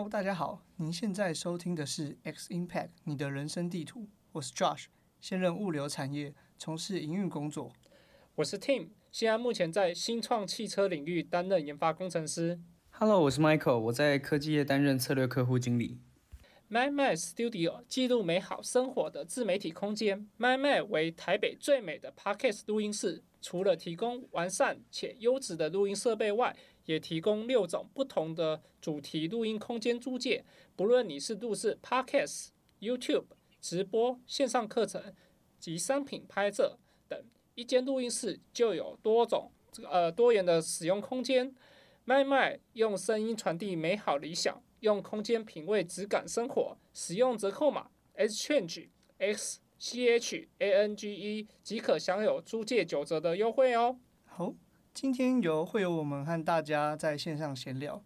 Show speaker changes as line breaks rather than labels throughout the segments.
Hello，大家好，您現在收聽的是《X Impact》，你的人生地圖。我是 Josh，現任物流產業從事營運工作。我
是 Tim，現在目前在新創汽車領域擔任研發工程師。
Hello，我是 Michael，我在科技業擔任策略客戶經理。
MicMind Studio 記錄美好生活的自媒體空間。MicMind 為台北最美的 Podcast 錄音室，除了提供完善且優質的錄音設備外，也提供六種不同的主題錄音空間租借，不論你是錄製 Podcast、YouTube 直播、線上課程及商品拍攝等，一間錄音室就有多種呃多元的使用空間。MicMind 用聲音傳遞美好理想，用空間品味質感生活。使用折扣碼 xchange x c h a n g e 即可享有租借九折的
優惠哦。好。今天由會有我們和大家在線上閒聊。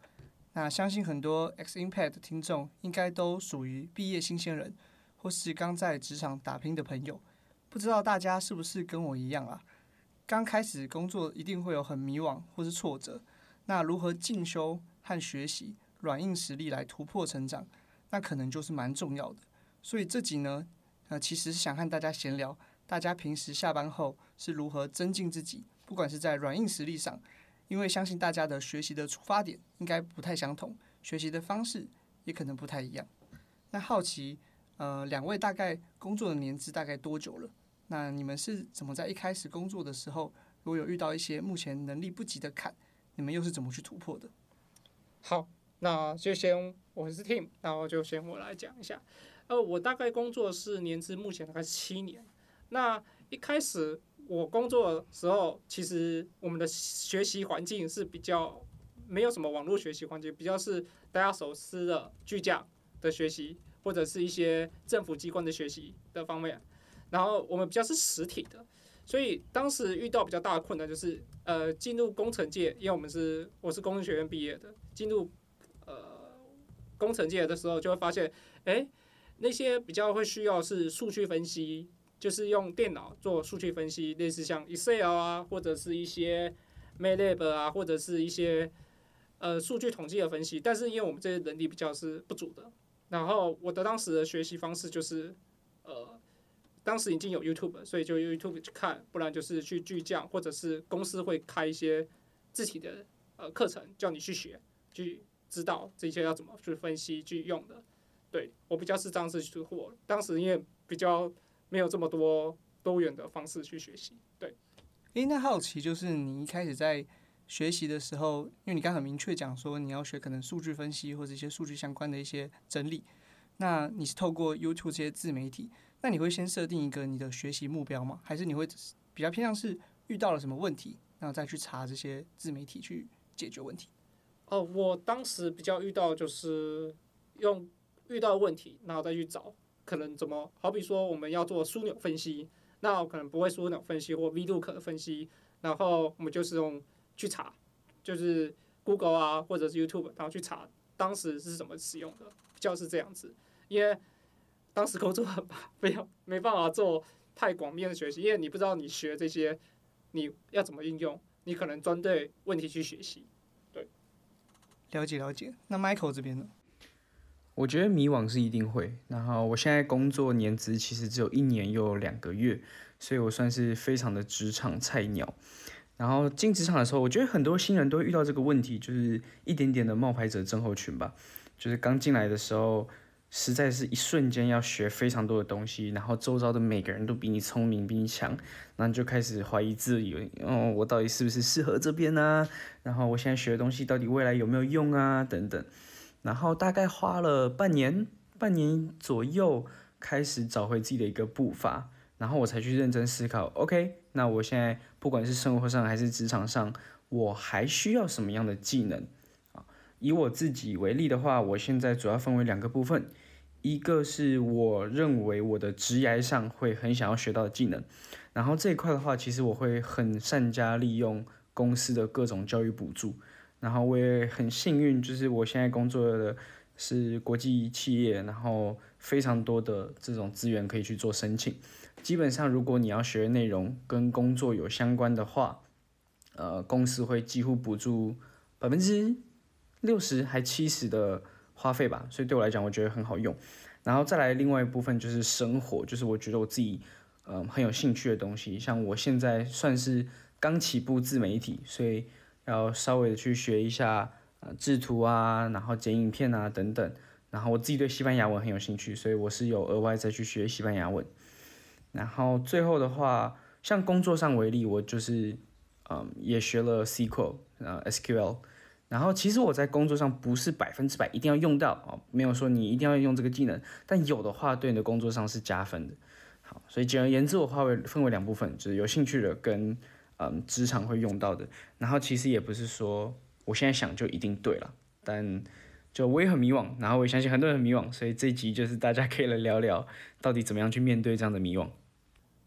那相信很多 XChange 的聽眾應該都屬於畢業新鮮人，或是剛在職場打拼的朋友。不知道大家是不是跟我一樣啊？剛開始工作一定會有很迷惘或是挫折。那如何進修和學習軟硬實力來突破成長，那可能就是蠻重要的。所以這集呢，呃，其實是想和大家閒聊，大家平時下班後是如何增進自己。不管是在軟硬實力上，因為相信大家的學習的出發點應該不太相同，學習的方式也可能不太一樣。那好奇，呃，兩位大概工作的年資大概多久了？那你們是怎麼在一開始工作的時候，
如果有遇到一些目前能力不及的坎，你們又是怎麼去突破的？好，那就先我是 t a m，然後就先我來講一下。呃，我大概工作是年資目前大概七年，那一開始。我工作的時候，其實我們的學習環境是比較，沒有什麼網絡學習環境，比較是大家熟知的巨匠的學習，或者是一些政府機關的學習的方面。然後我們比較是實體的，所以當時遇到比較大的困難就是，呃，進入工程界，因為我們是我是工程學院畢業的，進入呃工程界的時候就會發現，哎，那些比較會需要是數據分析。就是用電腦做數據分析，類似像 Excel 啊，或者是一些，Matlab 啊，或者是一些，呃，數據統計的分析。但是因為我們這些能力比較是不足的，然後我的當時的學習方式就是，呃，當時已經有 YouTube，所以就 YouTube 去看，不然就是去巨匠，或者是公司會開一些自己的呃課程，叫你去學，去知道這些要怎麼去分析去用的。對，我比較是這樣子去活。當時因為比較，沒有這麼多多元的方式去學習，對。誒、欸。那
好奇就是你一開始在學習的時候，因為你剛才很明確講說你要學可能數據分析或者一些數據相關的一些整理，那你是透過 YouTube 這些自媒體，那你會先設定一個你的學習目標嗎？還是你會比較偏向是遇到了什麼問題，然後再去查這些自媒體去
解決問題？哦、呃，我當時比較遇到就是用遇到的問題，然後再去找。可能怎麼？好比說我們要做樞紐分析，那我可能不會樞紐分析或 VLOOK 分析，然後我們就是用去查，就是 Google 啊或者是 YouTube，然後去查當時是怎麼使用的，就是這樣子。因為當時工作吧，沒有沒辦法做太廣面的學習，因為你不知道你學這些你要怎麼應用，你可能針對問題去學習，對。
了解了解，那 Michael 這邊呢？
我覺得迷惘是一定會。然後我現在工作年資其實只有一年又有兩個月，所以我算是非常的職場菜鳥。然後進職場的時候，我覺得很多新人都遇到這個問題，就是一點點的冒牌者症候群吧。就是剛進來的時候，實在是一瞬間要學非常多的東西，然後周遭的每個人都比你聰明，比你強，那你就開始懷疑自己，哦，我到底是不是適合這邊啊？然後我現在學的東西到底未來有沒有用啊？等等。然後大概花了半年，半年左右開始找回自己的一個步伐，然後我才去認真思考。OK，那我現在不管是生活上還是職場上，我還需要什麼樣的技能？啊，以我自己為例的話，我現在主要分為兩個部分，一個是我認為我的職業上會很想要學到的技能，然後這一塊的話，其實我會很善加利用公司的各種教育補助。然後我也很幸運，就是我現在工作的是國際企業，然後非常多的這種資源可以去做申請。基本上，如果你要學的內容跟工作有相關的話，呃，公司會幾乎補助百分之六十還七十的花費吧。所以對我來講，我覺得很好用。然後再來另外一部分就是生活，就是我覺得我自己嗯，呃，很有興趣的東西。像我現在算是剛起步自媒體，所以。要稍微的去學一下，呃，製圖啊，然後剪影片啊，等等。然後我自己對西班牙文很有興趣，所以我是有額外再去學西班牙文。然後最後的話，像工作上為例，我就是，嗯，也學了 SQL，呃，SQL。然後其實我在工作上不是百分之百一定要用到啊、哦，沒有說你一定要用這個技能，但有的話對你的工作上是加分的。好，所以簡而言之我，我劃為分為兩部分，就是有興趣的跟。嗯，職場會用到的。然後其實也不是說我現在想就一定對了，但就我也很迷惘，然後我也相信很多人很迷惘，所以這一集就是大家可以來聊聊，到底怎麼樣去面對這樣的迷惘。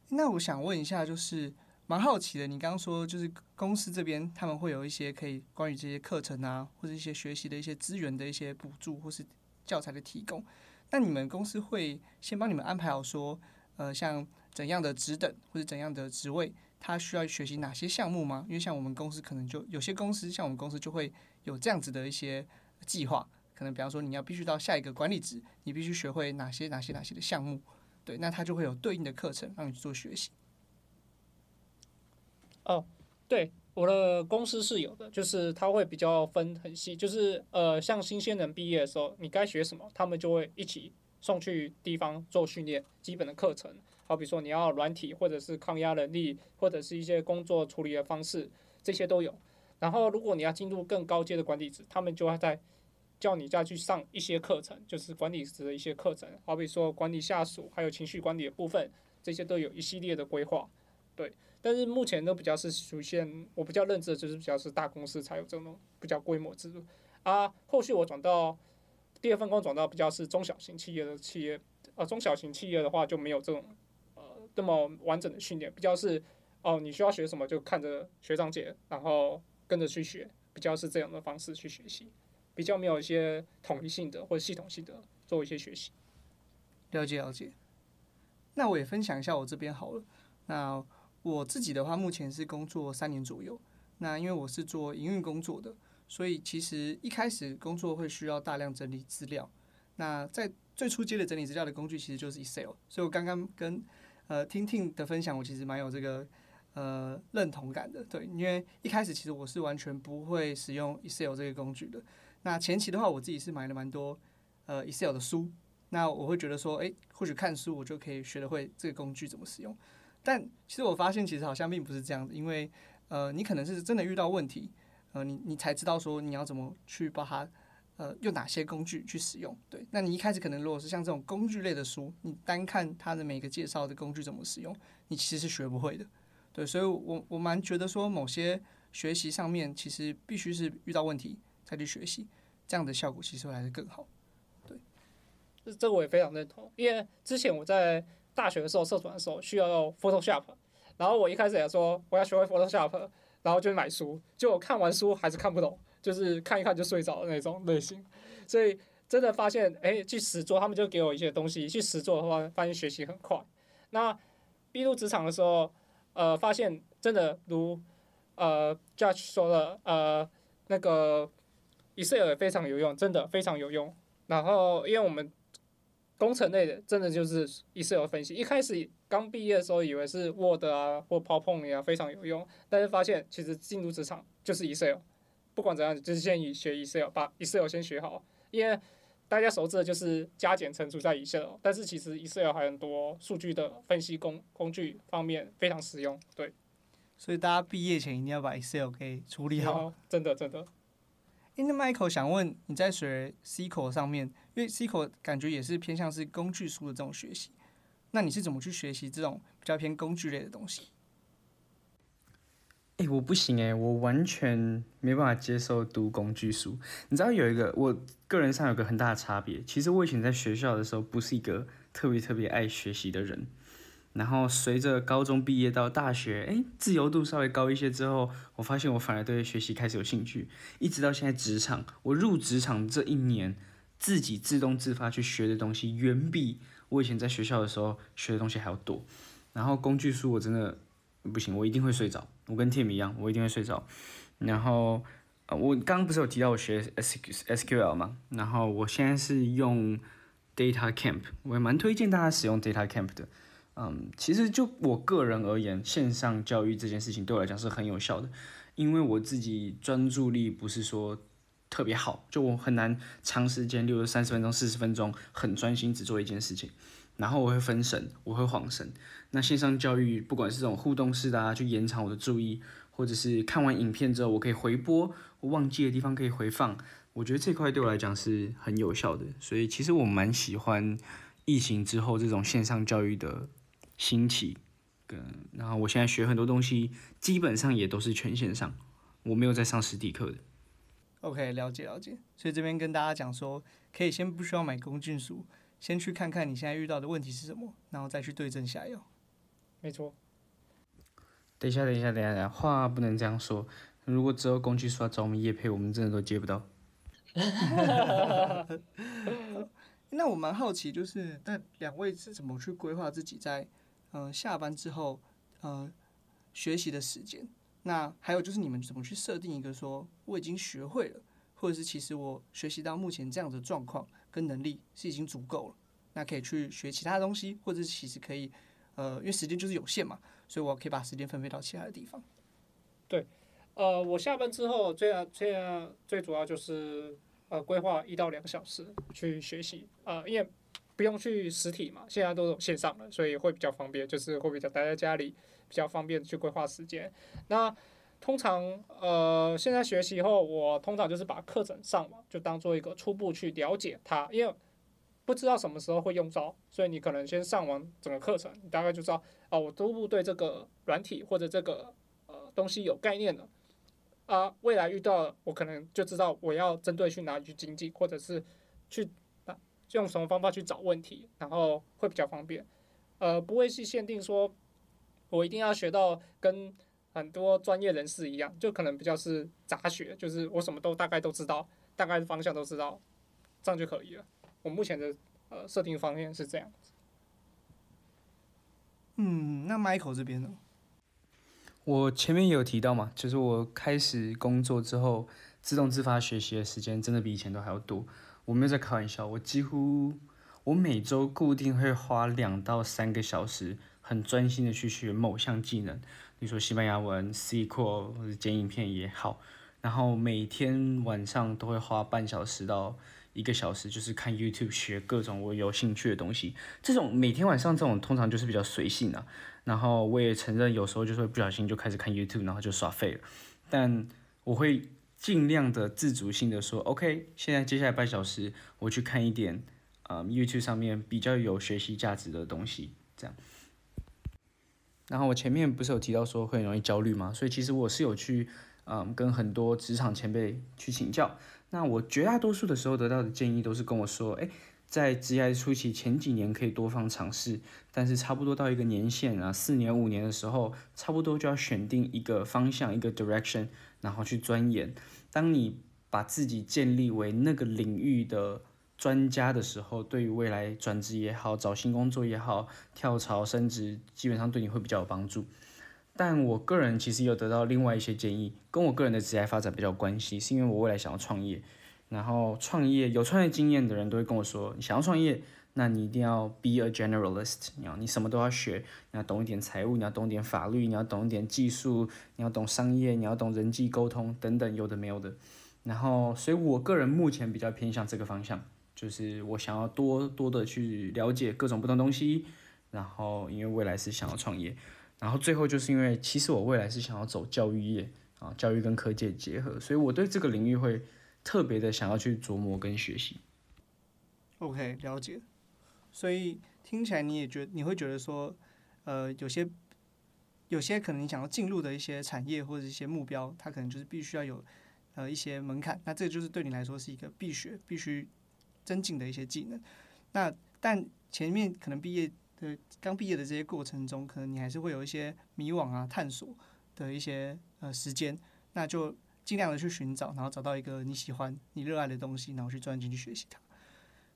那我想問一下，就是蠻好奇的，你剛剛說就是公司這邊他們會有一些可以關於這些課程啊，或者一些學習的一些資源的一些補助，或是教材的提供。那你們公司會先幫你們安排好說，呃，像怎樣的職等或者怎樣的職位？他需要學習哪些項目嗎？因為像我們公司，可能就有些公司，像我們公司就會有這樣子的一些計劃。可能比方說，你要必須到下一個管理職，你必須學會哪些哪些哪些的項目。對，那他就會有
對應的課程讓你去做學習。哦，對，我的公司是有的，就是他會比較分很細，就是呃，像新鮮人畢業的時候，你該學什麼，他們就會一起送去地方做訓練，基本的課程。好比說你要軟體或者是抗壓能力，或者是一些工作處理的方式，這些都有。然後如果你要進入更高階的管理職，他們就會在叫你再去上一些課程，就是管理職的一些課程。好比說管理下屬，還有情緒管理的部分，這些都有一系列的規劃。對，但是目前都比較是屬於現，我比較認知的就是比較是大公司才有這種比較規模制度。啊，後續我轉到第二份工，轉到比較是中小型企業的企業，呃，中小型企業的話就沒有這種。這麼完整的訓練，比較是哦，你需要學什麼就看着學長姐，然後跟着去學，比較是這樣的方式去學習，比較沒有一些統一性的或者系統性的做一些學習。了解了解，
那我也分享一下我這邊好了。那我自己的話，目前是工作三年左右。那因為我是做營運工作的，所以其實一開始工作會需要大量整理資料。那在最初接的整理資料的工具其實就是 Excel，所以我剛剛跟。呃，聽聽的分享，我其實蠻有這個呃認同感的，對，因為一開始其實我是完全不會使用 Excel 這個工具的。那前期的話，我自己是買了蠻多呃 Excel 的書，那我會覺得說，哎、欸，或許看書我就可以學得會這個工具怎麼使用。但其實我發現，其實好像並不是這樣子，因為呃，你可能是真的遇到問題，呃，你你才知道說你要怎麼去把它。呃，用哪些工具去使用？對，那你一開始可能如果是像這種工具類的書，你單看它的每個介紹的工具怎麼使用，你其實是學不會的。對，所以我我蠻覺得說，某些學習上面其實必須是遇到問題才去學習，這樣的效果其實會還是更好。對，
這這個我也非常認同，因為之前我在大學的時候社團的時候需要用 Photoshop，然後我一開始也說我要學會 Photoshop，然後就買書，結果看完書還是看不懂。就是看一看就睡着的那種類型，所以真的發現，誒、欸，去實做，他們就給我一些東西。去實做的話，發現學習很快。那畢入職場的時候，呃，發現真的如呃 Judge 說的，呃，那個 Excel 也非常有用，真的非常有用。然後，因為我們工程類的，真的就是 Excel 分析。一開始剛畢業的時候，以為是 Word 啊或 PowerPoint 啊非常有用，但是發現其實進入職場就是 Excel。不管怎樣，就是建議學 Excel，把 Excel 先學好，因為大家熟知的就是加減乘除在 Excel，但是其實 Excel 還很多數據的分析工工具方面非常實用，對。所以大家畢業前一定要把 Excel 給處理好。嗯哦、真的真的、
欸。那 Michael 想問你在學 SQL 上面，因為 SQL 感覺也是偏向是工具書的這種學習，那你是怎麼去學習這種比較偏工具類的東西？
欸，我不行欸，我完全沒辦法接受讀工具書。你知道有一個我個人上有個很大的差別，其實我以前在學校的時候不是一個特別特別愛學習的人。然後隨着高中畢業到大學，欸，自由度稍微高一些之後，我發現我反而對學習開始有興趣。一直到現在職場，我入職場這一年，自己自動自發去學的東西遠比我以前在學校的時候學的東西還要多。然後工具書我真的不行，我一定會睡着。我跟 Tim 一樣，我一定會睡着。然後，呃，我剛剛不是有提到我學 SQ, SQL 嘛？然後我現在是用 DataCamp，我也蠻推薦大家使用 DataCamp 的。嗯，其實就我個人而言，線上教育這件事情對我來講是很有效的，因為我自己專注力不是說特別好，就我很難長時間六十、三十分鐘、四十分鐘很專心只做一件事情，然後我會分神，我會晃神。那線上教育不管是這種互動式的啊，去延長我的注意，或者是看完影片之後我可以回播，我忘記的地方可以回放，我覺得這塊對我來講是很有效的，所以其實我蠻喜歡疫情之後這種線上教育的興起，嗯，然後我現在學很多東西基本上也都是全線上，我沒有在上實體課的。
OK，了解了解，所以這邊跟大家講說，可以先不需要買工具書，先去看看你現在遇到的問題是什麼，然後再去對症下藥、哦。
沒錯，等一下，等一下，等一下，等一下。話不能這樣說。如果只有工具書找我們業配，我們真的都接不到
嗯。那我蠻好奇，就是那兩位是怎麼去規劃自己在嗯、呃、下班之後呃學習的時間？那還有就是你們怎麼去設定一個說我已經學會了，或者是其實我學習到目前這樣的狀況跟能力是已經足夠了，那可以去學其他東西，或者是其實可以。呃，因為時間就是有限嘛，所以我可以把時間分配到其他的地方。
對，呃，我下班之後最最最主要就是呃規劃一到兩個小時去學習。呃，因為不用去實體嘛，現在都是線上了，所以會比較方便，就是會比較待在家裡比較方便去規劃時間。那通常呃現在學習以後，我通常就是把課程上網就當做一個初步去了解它，因為。不知道什麼時候會用到，所以你可能先上完整個課程，你大概就知道，哦、啊，我都不對這個軟體或者這個呃東西有概念了，啊，未來遇到我可能就知道我要針對去哪裡去經濟，或者是去、啊、用什麼方法去找問題，然後會比較方便，呃，不會是限定說，我一定要學到跟很多專業人士一樣，就可能比較是雜學，就是我什麼都大概都知道，大概方向都知道，這樣就可以了。
我目前的呃設定方面是這樣子。嗯，那 Michael 這邊呢？
我前面也有提到嘛，就是我開始工作之後，自動自發學習的時間真的比以前都還要多。我沒有在開玩笑，我幾乎我每週固定會花兩到三個小時，很專心的去學某項技能，比如說西班牙文、SQL 或者剪影片也好，然後每天晚上都會花半小時到一個小時就是看 YouTube 學各種我有興趣的東西，這種每天晚上這種通常就是比較隨性的、啊，然後我也承認有時候就是會不小心就開始看 YouTube，然後就耍廢了，但我會盡量的自主性的說 OK，現在接下來半小時我去看一點，呃、嗯、YouTube 上面比較有學習價值的東西，這樣。然後我前面不是有提到說會很容易焦慮嗎？所以其實我是有去，嗯，跟很多職場前輩去請教。那我絕大多數的時候得到的建議都是跟我說，哎、欸，在職業初期前幾年可以多方嘗試，但是差不多到一個年限啊，四年五年的時候，差不多就要選定一個方向一個 direction，然後去鑽研。當你把自己建立為那個領域的專家的時候，對於未來轉職也好，找新工作也好，跳槽升職，基本上對你會比較有幫助。但我個人其實有得到另外一些建議，跟我個人的職業發展比較關係，是因為我未來想要創業。然後創業，有創業經驗的人都會跟我說，你想要創業，那你一定要 be a generalist，你要你什麼都要學，你要懂一點財務，你要懂一點法律，你要懂一點技術，你要懂商業，你要懂人際溝通等等，有的沒有的。然後，所以我個人目前比較偏向這個方向，就是我想要多多的去了解各種不同東西，然後因為未來是想要創業。然後最後就是因為，其實我未來是想要走教育業啊，教育跟科技結合，所以我對這個領域會特別的想要去琢磨跟學習。
OK，了解。所以聽起來你也覺你會覺得說，呃，有些有些可能你想要進入的一些產業或者一些目標，它可能就是必須要有呃一些門檻，那這就是對你來說是一個必學、必須增進的一些技能。那但前面可能畢業。對，剛畢業的這些過程中，可能你還是會有一些迷惘啊、探索的一些呃時間，那就盡量的去尋找，然後找到一個你喜歡、你熱愛的東西，然後去專心去學習它。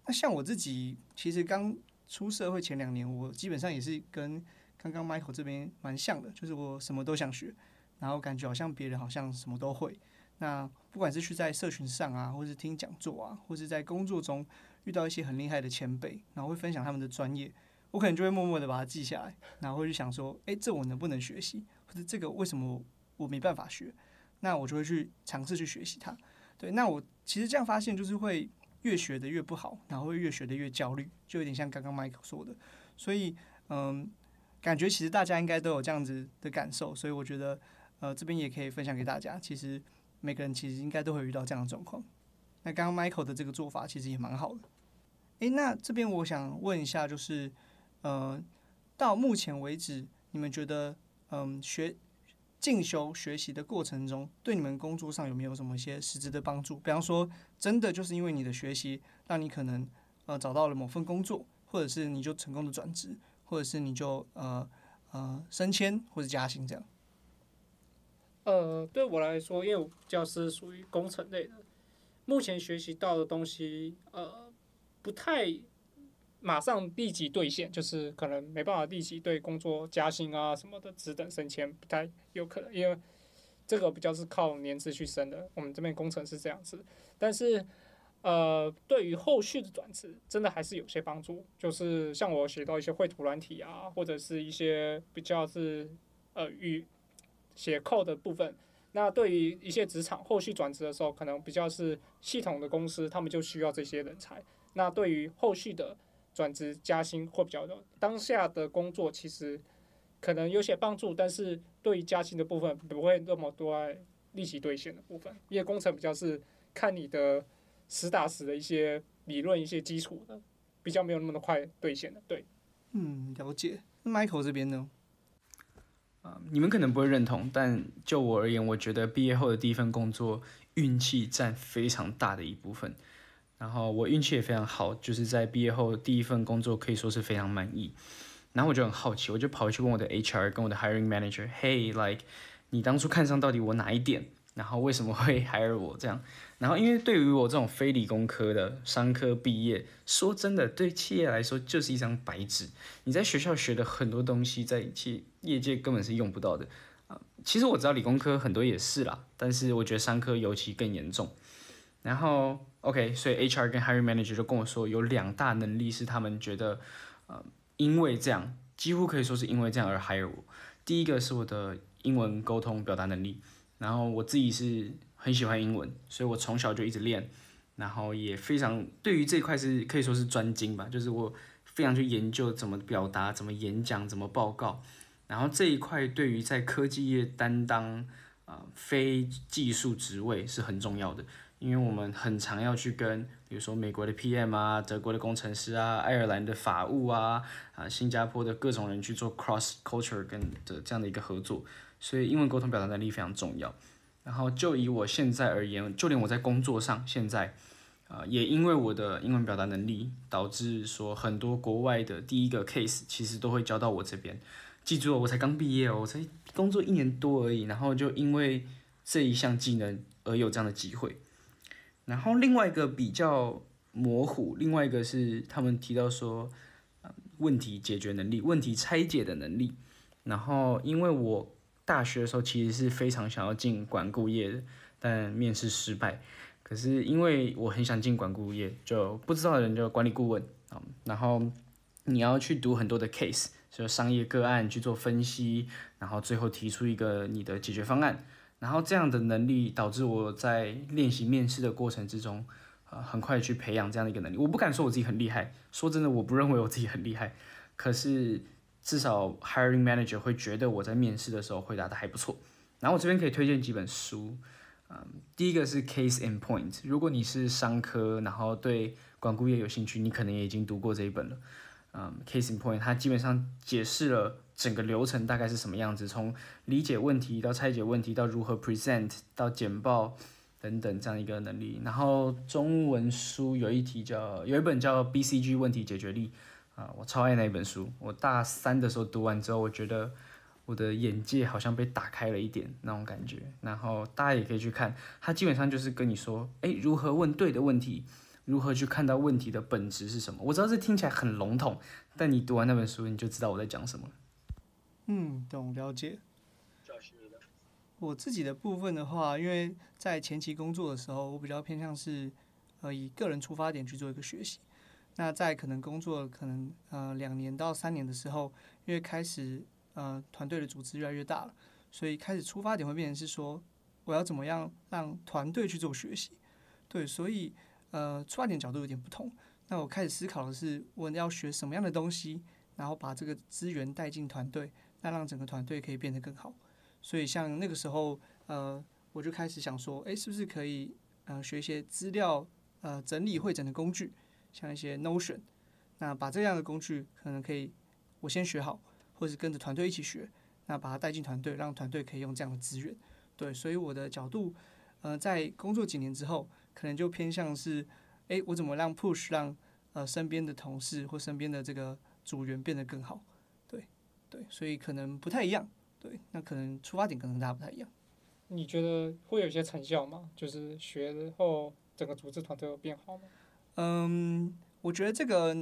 那像我自己，其實剛出社會前兩年，我基本上也是跟剛剛 Michael 這邊蠻像的，就是我什麼都想學，然後感覺好像別人好像什麼都會。那不管是去在社群上啊，或是聽講座啊，或是在工作中遇到一些很厲害的前輩，然後會分享他們的專業。我可能就會默默的把它記下來，然後就想說，哎，這我能不能學習？或者這個為什麼我，我沒辦法學？那我就會去嘗試去學習它。對，那我其實這樣發現就是會越學的越不好，然後會越學的越焦慮，就有點像剛剛 Michael 說的。所以，嗯，感覺其實大家應該都有這樣子的感受，所以我覺得，呃，這邊也可以分享給大家。其實每個人其實應該都會遇到這樣的狀況。那剛剛 Michael 的這個做法其實也蠻好的。哎，那這邊我想問一下，就是。嗯、呃，到目前為止，你們覺得嗯學進修學習的過程中，對你們工作上有沒有什麼一些實質的幫助？比方說，真的就是因為你的學習，讓你可能呃找到了某份工作，或者是你就成功的轉職，或者是你就呃呃升遷或者加薪這樣。
呃，對我來說，因為我比較是屬於工程類的，目前學習到的東西呃不太馬上立即兌現，就是可能沒辦法立即對工作加薪啊什麼的，職等升遷不太有可能，因為這個比較是靠年資去升的。我們這邊工程是這樣子，但是呃，對於後續的轉職，真的還是有些幫助。就是像我學到一些繪圖軟體啊，或者是一些比較是呃與寫 code 的部分。那對於一些職場後續轉職的時候，可能比較是系統的公司，他們就需要這些人才。那對於後續的。轉職加薪會比較多，當下的工作其實可能有些幫助，但是對於加薪的部分不會那麼多。利息兌現的部分，因為工程比較是看你的實打實的一些理論、一些基礎的，比較沒有那麼的快兌現的。對，嗯，了
解。Michael 這邊呢？Uh, 你們可能不會認同，但就我而言，我覺得畢業後的第一份工作運氣占非常大的一部分。然後我運氣也非常好，就是在畢業後第一份工作可以說是非常滿意。然後我就很好奇，我就跑去問我的 HR 跟我的 Hiring Manager，Hey，like 你當初看上到底我哪一點？然後為什麼會 hire 我這樣？然後因為對於我這種非理工科的商科畢業，說真的，對企業來說就是一張白紙。你在學校學的很多東西，在企業，業界根本是用不到的啊。呃，其實我知道理工科很多也是啦，但是我覺得商科尤其更嚴重。然後，OK，所以 HR 跟 Hiring Manager 就跟我說，有兩大能力是他們覺得，呃，因為這樣，幾乎可以說是因為這樣而 hire 我。第一個是我的英文溝通表達能力，然後我自己是很喜歡英文，所以我從小就一直練，然後也非常對於這一塊是可以說是專精吧，就是我非常去研究怎麼表達、怎麼演講、怎麼報告。然後這一塊對於在科技業擔當啊，呃，非技術職位是很重要的。因為我們很常要去跟，比如說美國的 PM 啊，德國的工程師啊，愛爾蘭的法務啊，啊，新加坡的各種人去做 cross culture 跟的這樣的一個合作，所以英文溝通表達能力非常重要。然後就以我現在而言，就連我在工作上現在，啊，呃，也因為我的英文表達能力，導致說很多國外的第一個 case 其實都會交到我這邊。記住哦，我才剛畢業哦，我才工作一年多而已，然後就因為這一項技能而有這樣的機會。然後另外一個比較模糊，另外一個是他們提到說，問題解決能力、問題拆解的能力。然後因為我大學的時候其實是非常想要進管顧業的，但面試失敗。可是因為我很想進管顧業，就不知道的人就管理顧問啊。然後你要去讀很多的 case，就商業個案去做分析，然後最後提出一個你的解決方案。然後這樣的能力導致我在練習面試的過程之中，呃，很快去培養這樣的一個能力。我不敢說我自己很厲害，說真的，我不認為我自己很厲害。可是至少 hiring manager 會覺得我在面試的時候回答的還不錯。然後我這邊可以推薦幾本書，嗯，第一個是 Case in Point。如果你是商科，然後對管顧業有興趣，你可能也已經讀過這一本了。嗯，Case in Point 它基本上解釋了。整個流程大概是什麼樣子？從理解問題到拆解問題，到如何 present 到簡報等等這樣一個能力。然後中文書有一題叫有一本叫 BCG 問題解決力，啊，我超愛那一本書。我大三的時候讀完之後，我覺得我的眼界好像被打開了一點那種感覺。然後大家也可以去看，它基本上就是跟你說，哎，如何問對的問題，如何去看到問題的本質是什麼。我知道這聽起來很籠統，但你讀完那本書，你就知道我在講什麼。
嗯，懂了解了。我自己的部分的話，因為在前期工作的時候，我比較偏向是，呃，以個人出發點去做一個學習。那在可能工作可能呃兩年到三年的時候，因為開始呃團隊的組織越來越大了，所以開始出發點會變成是說我要怎麼樣讓團隊去做學習。對，所以呃出發點角度有點不同。那我開始思考的是，我要學什麼樣的東西，然後把這個資源帶進團隊。那讓整個團隊可以變得更好，所以像那個時候，呃，我就開始想說，哎，是不是可以，呃，學一些資料，呃，整理彙整的工具，像一些 Notion，那把這樣的工具可能可以，我先學好，或者跟着團隊一起學，那把它帶進團隊，讓團隊可以用這樣的資源，對，所以我的角度，呃，在工作幾年之後，可能就偏向是，哎，我怎麼讓 Push 讓，呃，身邊的同事或身邊的這個組員變得更好。
對，所以可能不太一樣。
對，那可
能出發點可能大家不太一樣。你覺得會有一些成效嗎？就是學了後整個組織團隊都有變化嗎？
嗯，我覺得這個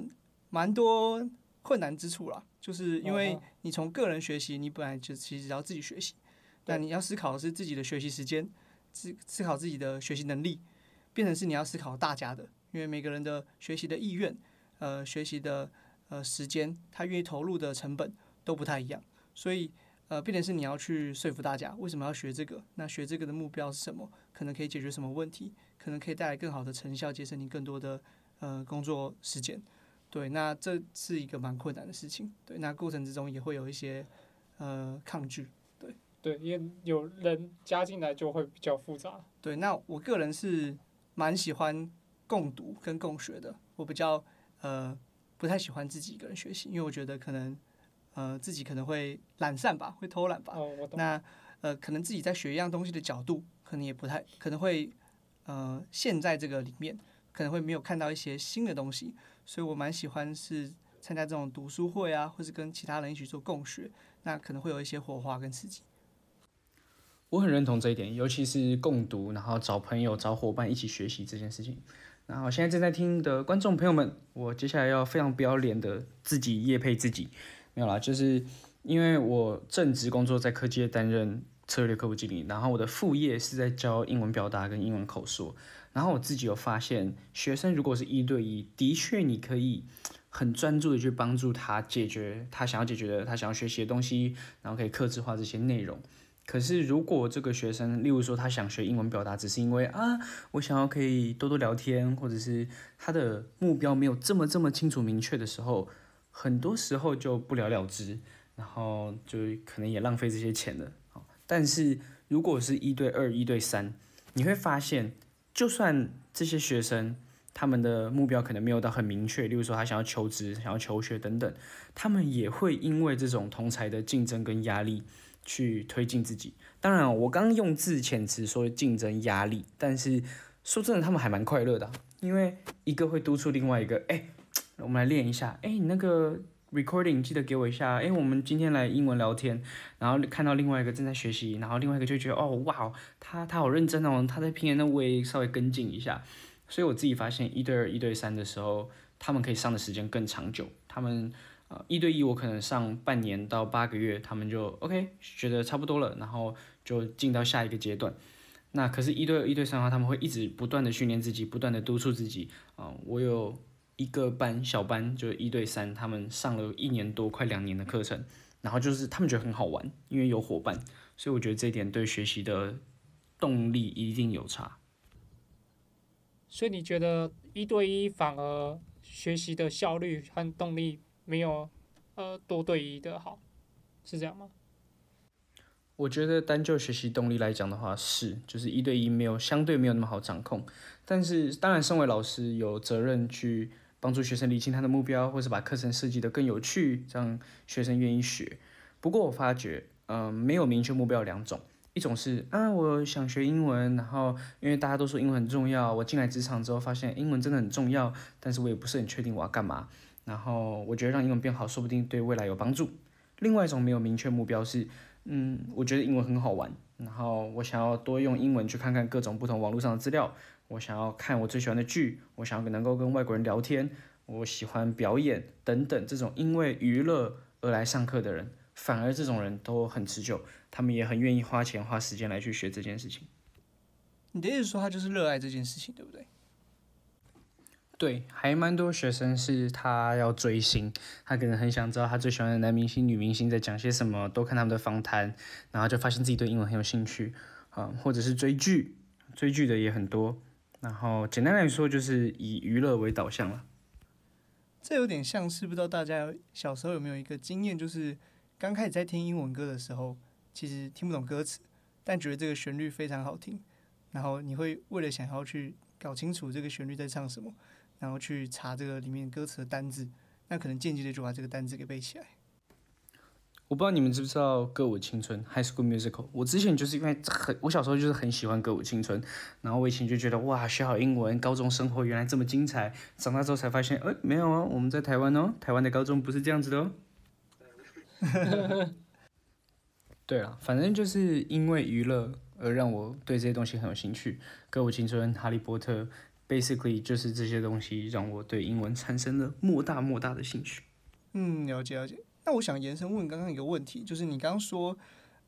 蠻多困難之處啦，就是因為你從個人學習，你本來就其實要自己學習，但你要思考的是自己的學習時間，思思考自己的學習能力，變成是你要思考大家的，因為每個人的學習的意願，呃，學習的呃時間，他願意投入的成本。都不太一樣，所以呃，變成是你要去說服大家為什麼要學這個，那學這個的目標是什麼？可能可以解決什麼問題？可能可以帶來更好的成效，節省你更多的呃工作時間。對，那這是一個蠻困難的事情。對，那過程之中也會有一些呃抗拒。對對，因為有人加進來就會比較複雜。對，那我個人是蠻喜歡共讀跟共學的。我比較呃不太喜歡自己一個人學習，因為我覺得可能。呃，自己可能會懶散吧，會偷懶吧。哦、那呃，可能自己在學一樣東西的角度，可能也不太，可能會呃陷在這個裡面，可能會沒有看到一些新的東西。所以我蠻喜歡是參加這種讀書會啊，或是跟其他人一起做共學，那可能會有一些火花跟刺激。
我很認同這一點，尤其是共讀，然後找朋友、找夥伴一起學習這件事情。然後我現在正在聽的觀眾朋友們，我接下來要非常不要臉的自己業配自己。沒有啦，就是因為我正職工作在科技業擔任策略客戶經理，然後我的副業是在教英文表達跟英文口說。然後我自己有發現，學生如果是一對一，的確你可以很專注的去幫助他解決他想要解決的、他想要學習的東西，然後可以客製化這些內容。可是如果這個學生，例如說他想學英文表達，只是因為啊，我想要可以多多聊天，或者是他的目標沒有這麼這麼清楚明確的時候。很多時候就不了了之，然後就可能也浪費這些錢了。但是如果是一對二、一對三，你會發現，就算這些學生他們的目標可能沒有到很明確，例如說他想要求職、想要求學等等，他們也會因為這種同儕的競爭跟壓力去推進自己。當然，我剛用字遣詞說競爭壓力，但是說真的，他們還蠻快樂的，因為一個會督促另外一個，哎。我們來練一下，哎，你那個 recording 記得給我一下。哎，我們今天來英文聊天，然後看到另外一個正在學習，然後另外一個就覺得，哦，哇，他他好認真哦，他在拼音，那我也稍微跟進一下。所以我自己發現，一對二、一對三的時候，他們可以上的時間更長久。他們啊、呃、一對一我可能上半年到八個月，他們就 OK，覺得差不多了，然後就進到下一個階段。那可是，一對二、一對三的話，他們會一直不斷的訓練自己，不斷的督促自己啊、呃，我有。一個班小班就是一對三，他們上了一年多，快兩年的課程，然後就是他們覺得很好玩，因為有夥伴，所以我覺得這一點對學習的動力一定有差。
所以你覺得一對一反而學習的效率和動力沒有呃多對一的好，是這樣嗎？
我覺得單就學習動力來講的話，是就是一對一沒有相對沒有那麼好掌控，但是當然身為老師有責任去。幫助學生理清他的目標，或是把課程設計得更有趣，讓學生願意學。不過我發覺，嗯、呃，沒有明確目標有兩種，一種是啊，我想學英文，然後因為大家都說英文很重要，我進來職場之後發現英文真的很重要，但是我也不是很確定我要幹嘛。然後我覺得讓英文變好，說不定對未來有幫助。另外一種沒有明確目標是，嗯，我覺得英文很好玩，然後我想要多用英文去看看各種不同網絡上的資料。我想要看我最喜歡的劇，我想要能夠跟外國人聊天，我喜歡表演等等。這種因為娛樂而來上課的人，反而這種人都很持久，他們也很願意花錢花時間來去學這件事情。你的意思說他就是熱愛這件事情，對不對？對，還蠻多學生是他要追星，他可能很想知道他最喜歡的男明星、女明星在講些什麼，都看他們的訪談，然後就發現自己對英文很有興趣啊。嗯，或者是追劇，追劇的也很多。然後簡單來說，就是以娛樂為導向了。
這有點像是不知道大家小時候有沒有一個經驗，就是剛開始在聽英文歌的時候，其實聽不懂歌詞，但覺得這個旋律非常好聽，然後你會為了想要去搞清楚這個旋律在唱什麼，然後去查這個裡面歌詞的單字。那可能間接的就把這個單字給背起來。
我不知道你們知不知道《歌舞青春》《High School Musical》，我之前就是因為很，我小時候就是很喜歡《歌舞青春》，然後我以前就覺得哇，學好英文，高中生活原來這麼精彩。長大之後才發現，哎、欸，沒有哦，我們在台灣哦，台灣的高中不是這樣子的哦。 對了，反正就是因為娛樂而讓我對這些東西很有興趣，《歌舞青春》《哈利波特》，basically 就是這些東西讓我對英文產生了莫大莫大的興趣。
嗯，了解了解。那我想延伸問剛剛一個問題，就是你剛剛說，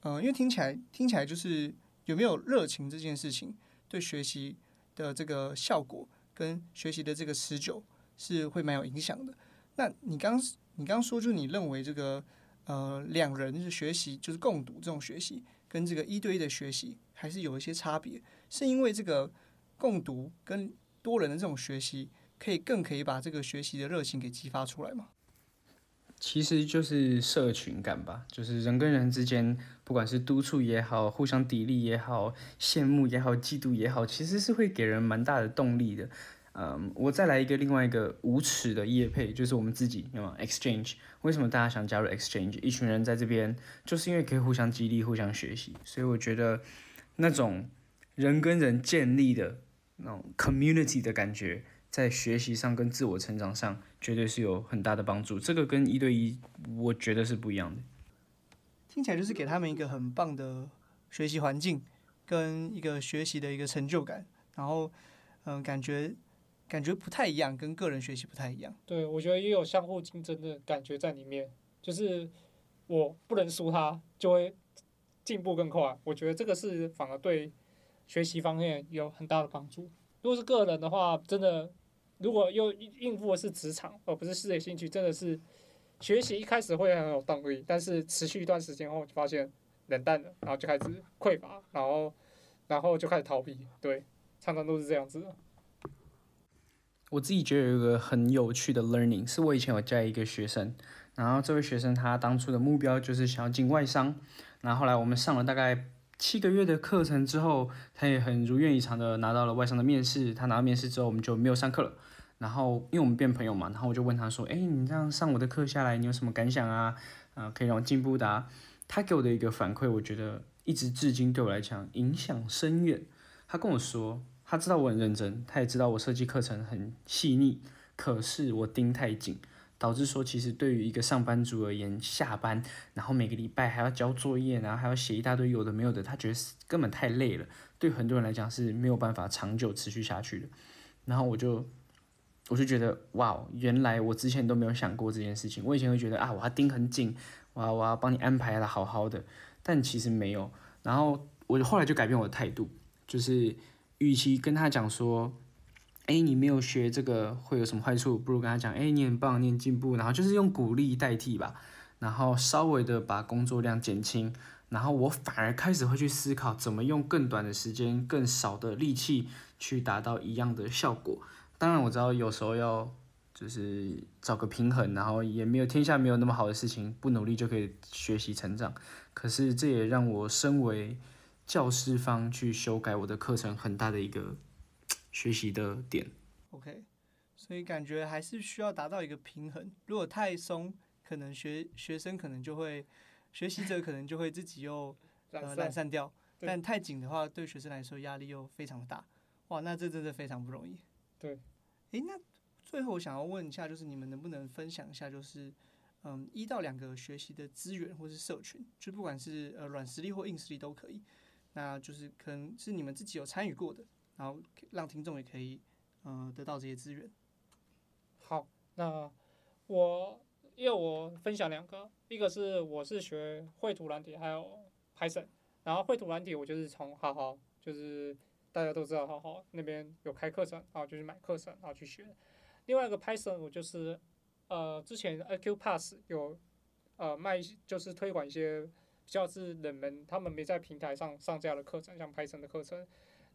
嗯、呃，因為聽起來聽起來就是有沒有熱情這件事情，對學習的這個效果跟學習的這個持久是會蠻有影響的。那你剛你剛剛說，就是你認為這個呃兩人是學習就是共讀這種學習，跟這個一對一的學習還是有一些差別，是因為這個共讀跟多人的這種學習，可以更可以把這個學習的熱情給激發出來嗎？
其實就是社群感吧，就是人跟人之間，不管是督促也好，互相砥礪也好，羨慕也好，嫉妒也好，其實是會給人蠻大的動力的。嗯、um,，我再來一個另外一個無恥的業配，就是我們自己，那麼 XChange。為什麼大家想加入 XChange？一群人在這邊，就是因為可以互相激勵、互相學習。所以我覺得那種人跟人建立的那種 community 的感覺。在學習上跟自我成長上絕對是有很大的幫助，這個跟一對一我覺得是不一樣的。
聽起來就是給他們一個很棒的學習環境，跟一個學習的一個成就感，然後嗯，呃，感覺感覺不太一樣，跟個人學習不太一樣。
對，我覺得也有相互競爭的感覺在裡面，就是我不能輸他，就會進步更快。我覺得這個是反而對學習方面有很大的幫助。如果是個人的話，真的。如果又應付的是職場，而不是事業興趣，真的是學習一開始會很有動力，但是持續一段時間後就發現冷淡了，然後就開始匱乏，然後然後就開始逃避，對，常常都是這樣子。
我自己覺得有一個很有趣的 learning，是我以前有教一個學生，然後這位學生他當初的目標就是想要進外商，然後後來我們上了大概。七個月的課程之後，他也很如願以償的拿到了外商的面試。他拿到面試之後，我們就沒有上課了。然後，因為我們變朋友嘛，然後我就問他說：“誒，你這樣上我的課下來，你有什麼感想啊？啊，可以讓我進步的啊。”他給我的一個反饋，我覺得一直至今對我來講影響深遠。他跟我說，他知道我很認真，他也知道我設計課程很細膩，可是我盯太緊。導致說，其實對於一個上班族而言，下班，然後每個禮拜還要交作業，然後還要寫一大堆有的沒有的，他覺得根本太累了。對很多人來講是沒有辦法長久持續下去的。然後我就，我就覺得哇，原來我之前都沒有想過這件事情。我以前會覺得啊，我要盯很緊，我要我要幫你安排的、啊、好好的，但其實沒有。然後我後來就改變我的態度，就是與其跟他講說。哎，你沒有學這個會有什麼壞處？不如跟他講，哎，你很棒，你很進步，然後就是用鼓勵代替吧，然後稍微的把工作量減輕，然後我反而開始會去思考怎麼用更短的時間、更少的力氣去達到一樣的效果。當然我知道有時候要就是找個平衡，然後也沒有天下沒有那麼好的事情，不努力就可以學習成長。可是這也讓我身為教師方去修改我的課程，很大的一個。學習的點
，OK，所以感覺還是需要達到一個平衡。如果太鬆，可能學學生可能就會學習者可能就會自己又、 呃、懶散掉；但太緊的話，對學生來說壓力又非常大。哇，那這真的非常不容易。對，誒、欸，那最後我想要問一下，就是你們能不能分享一下，就是嗯，一到兩個學習的資源或是社群，就不管是呃軟實力或硬實力都可以。那就是可能是你們自己有參與過的。然後讓聽眾也可以，嗯、呃，得到這些資源。
好，那我因為我分享兩個，一個是我是學繪圖軟體還有 Python，然後繪圖軟體我就是從好好，就是大家都知道好好那邊有開課程，然後就是買課程然後去學。另外一個 Python 我就是，呃，之前 Accupass 有呃賣，就是推廣一些比較是冷門，他們沒在平台上上架的課程，像 Python 的課程。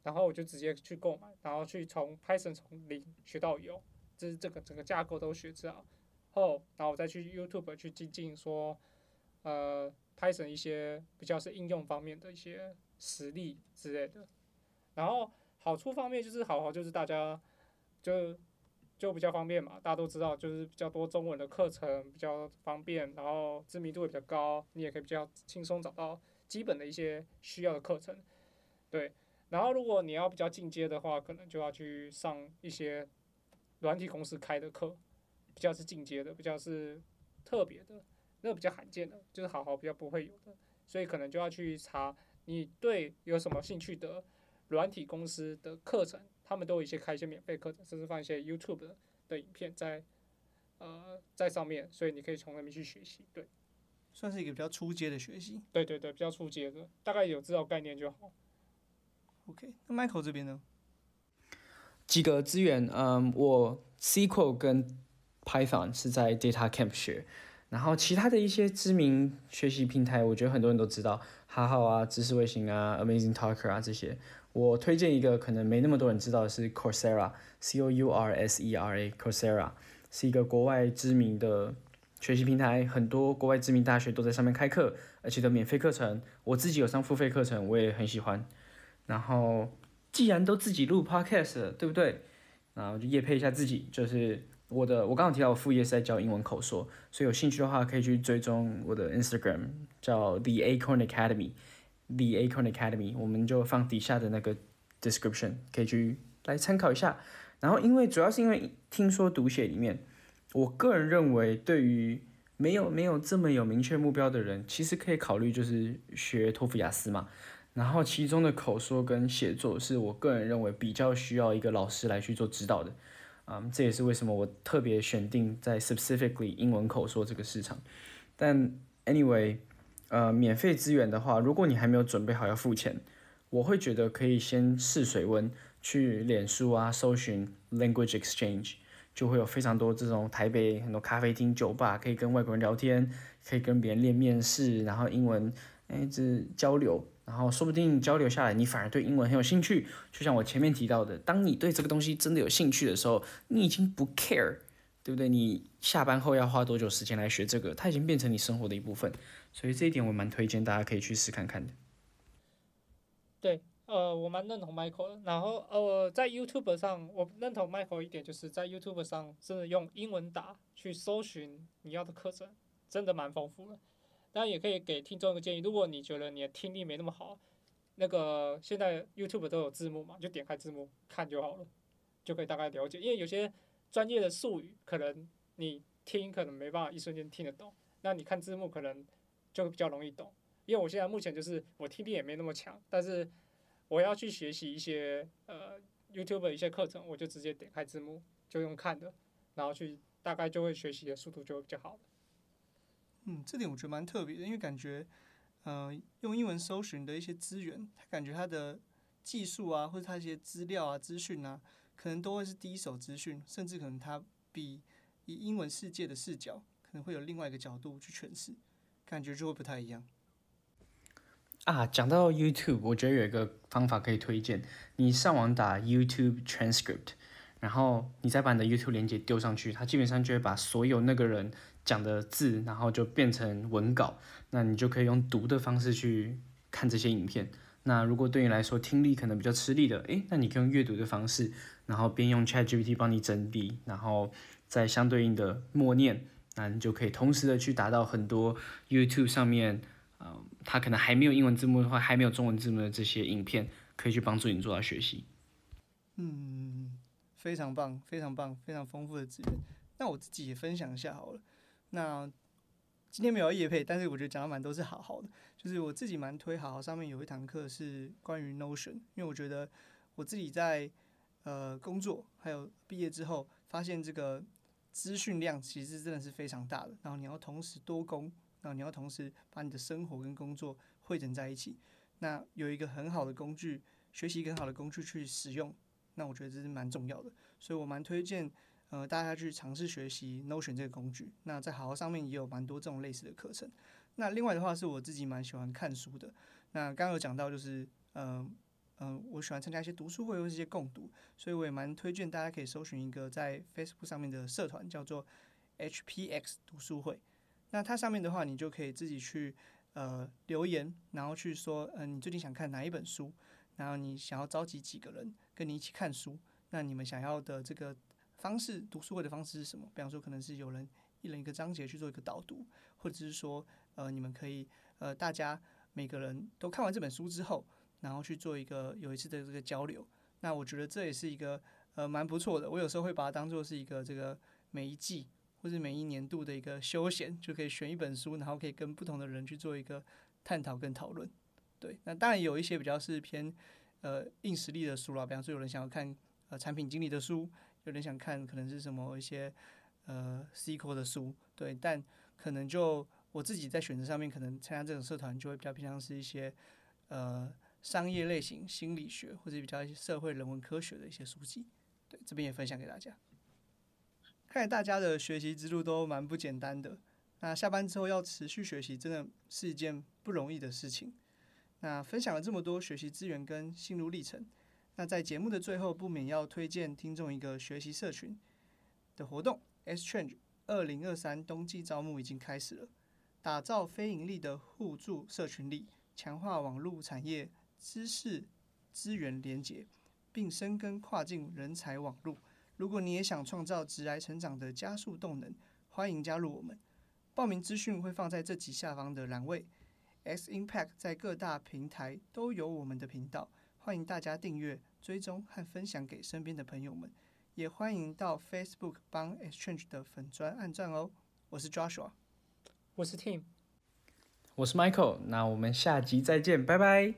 然後我就直接去購買，然後去從 Python 從零學到有，這、就是這個整個架構都學知道，然後，然後我再去 YouTube 去精進說，呃，Python 一些比較是應用方面的一些實例之類的。然後好處方面就是好好就是大家就就比較方便嘛，大家都知道就是比較多中文的課程比較方便，然後知名度也比較高，你也可以比較輕鬆找到基本的一些需要的課程，對。然後，如果你要比較進階的話，可能就要去上一些軟體公司開的課，比較是進階的，比較是特別的，那個、比較罕見的，就是好好比較不會有的，所以可能就要去查你對有什麼興趣的軟體公司的課程，他們都有一些開一些免費課程，甚至放一些 YouTube 的的影片在呃，在上面，所以你可以從那邊去學習。對，算是一個比較初階的學習。對對對，比較初階的，大概有知道概念就好。OK，那 Michael 這
邊
呢？幾個資源，嗯、um，我 SQL 跟 Python 是在 DataCamp 學，然後其他的一些知名學習平台，我覺得很多人都知道，哈好啊、知識衛星啊、AmazingTalker 啊這些。我推薦一個可能沒那麼多人知道的是 Coursera，C O U R S E R A，Coursera 是一個國外知名的學習平台，很多國外知名大學都在上面開課，而且都免費課程。我自己有上付費課程，我也很喜歡。然後，既然都自己錄 podcast 了，對不對？然後就業配一下自己，就是我的。我剛剛提到我副業是在教英文口說，所以有興趣的話可以去追蹤我的 Instagram，叫 The Acorn Academy。The Acorn Academy，我們就放底下的那個 description，可以去來參考一下。然後，因為主要是因為聽說讀寫裡面，我個人認為，對於沒有沒有這麼有明確目標的人，其實可以考慮就是學托福雅思嘛。然後其中的口說跟寫作是我個人認為比較需要一個老師來去做指導的，啊、嗯，這也是為什麼我特別選定在 specifically 英文口說這個市場。但 anyway，呃，免費資源的話，如果你還沒有準備好要付錢，我會覺得可以先試水溫，去臉書啊搜尋 language exchange，就會有非常多這種台北很多咖啡廳、酒吧可以跟外國人聊天，可以跟別人練面試，然後英文哎這交流。然後說不定你交流下來，你反而對英文很有興趣。就像我前面提到的，當你對這個東西真的有興趣的時候，你已經不 care，對不對？你下班後要花多久時間來學這個？它已經變成你生活的一部分。所以這一點我蠻推薦大家可以去試看看的。
對，呃，我蠻認同 Michael 的。然後呃，在 YouTube 上，我認同 Michael 一點，就是在 YouTube 上，真的用英文打去搜尋你要的課程，真的蠻豐富的。當然也可以給聽眾一個建議，如果你覺得你的聽力沒那麼好，那個現在 YouTube 都有字幕嘛，就點開字幕看就好了，就可以大概了解。因為有些專業的術語可能你聽可能沒辦法一瞬間聽得懂，那你看字幕可能就比較容易懂。因為我現在目前就是我聽力也沒那麼強，但是我要去學習一些呃 YouTube 的一些課程，我就直接點開字幕就用看的，然後去大概就會學習的速度就會比較好了。
嗯，這點我覺得蠻特別的，因為感覺，嗯、呃，用英文搜尋的一些資源，它感覺它的技術啊，或者它一些資料啊、資訊啊，可能都會是第一手資訊，甚至可能它比以英文世界的視角，可能會有另外一個角度去詮釋，感覺就會不太一樣。
啊，講到 YouTube，我覺得有一個方法可以推薦，你上網打 YouTube transcript，然後你再把你的 YouTube 鏈接丟上去，它基本上就會把所有那個人，講的字，然後就變成文稿，那你就可以用讀的方式去看這些影片。那如果對你來說聽力可能比較吃力的，誒、欸，那你可以用閱讀的方式，然後邊用 ChatGPT 幫你整理，然後再相對應的默念，那你就可以同時的去達到很多 YouTube 上面，嗯、呃，它可能還沒有英文字幕的話，還沒有中文字幕的這些影片，可以去幫助你做到學習。嗯，
非常棒，非常棒，非常豐富的資源。那我自己也分享一下好了。那今天沒有業配，但是我覺得講的蠻都是好好的。就是我自己蠻推好好，上面有一堂課是關於 Notion，因為我覺得我自己在呃工作還有畢業之後，發現這個資訊量其實真的是非常大的。然後你要同時多工，然後你要同時把你的生活跟工作彙整在一起，那有一個很好的工具，學習很好的工具去使用，那我覺得這是蠻重要的。所以我蠻推薦。呃，大家去嘗試學習 Notion 這個工具。那在好好上面也有蠻多這種類似的課程。那另外的話，是我自己蠻喜歡看書的。那剛有講到，就是嗯嗯、呃呃，我喜歡參加一些讀書會，或是一些共讀，所以我也蠻推薦大家可以搜尋一個在 Facebook 上面的社團，叫做 HPX 讀書會。那它上面的話，你就可以自己去呃留言，然後去說，嗯、呃，你最近想看哪一本書，然後你想要召集幾個人跟你一起看書。那你們想要的這個方式讀書會的方式，是什麼？比方說，可能是有人一人一個章節去做一個導讀，或者是說，呃，你們可以呃，大家每個人都看完這本書之後，然後去做一個有一次的這個交流。那我覺得這也是一個呃蠻不錯的。我有時候會把它當作是一個這個每一季或者是每一年度的一個休閒，就可以選一本書，然後可以跟不同的人去做一個探討跟討論。對，那當然有一些比較是偏呃硬實力的書了，比方說有人想要看呃產品經理的書。有點想看，可能是什麼一些呃 psychology 的書，對，但可能就我自己在選擇上面，可能參加這種社團就會比較偏向是一些呃商業類型心理學，或者比較一些社會人文科學的一些書籍，對，這邊也分享給大家。看來大家的學習之路都蠻不簡單的，那下班之後要持續學習，真的是一件不容易的事情。那分享了這麼多學習資源跟心路歷程。那在節目的最後，不免要推薦聽眾一個學習社群的活動 XChange 2023冬季招募已經開始了，打造非盈利的互助社群力，強化網絡產業知識資源聯結，並深耕跨境人才網絡。如果你也想創造直來成長的加速動能，歡迎加入我們。報名資訊會放在這集下方的欄位 X Impact 在各大平台都有我們的頻道。歡迎大家訂閱、追蹤和分享給身邊的朋友們，也歡迎到 Facebook 幫 XChange 的粉專按讚哦。我是 Joshua，我是 Tim，
我是 Michael。那我們下集再見，拜拜！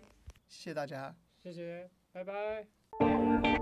謝
謝大家，謝謝，拜拜。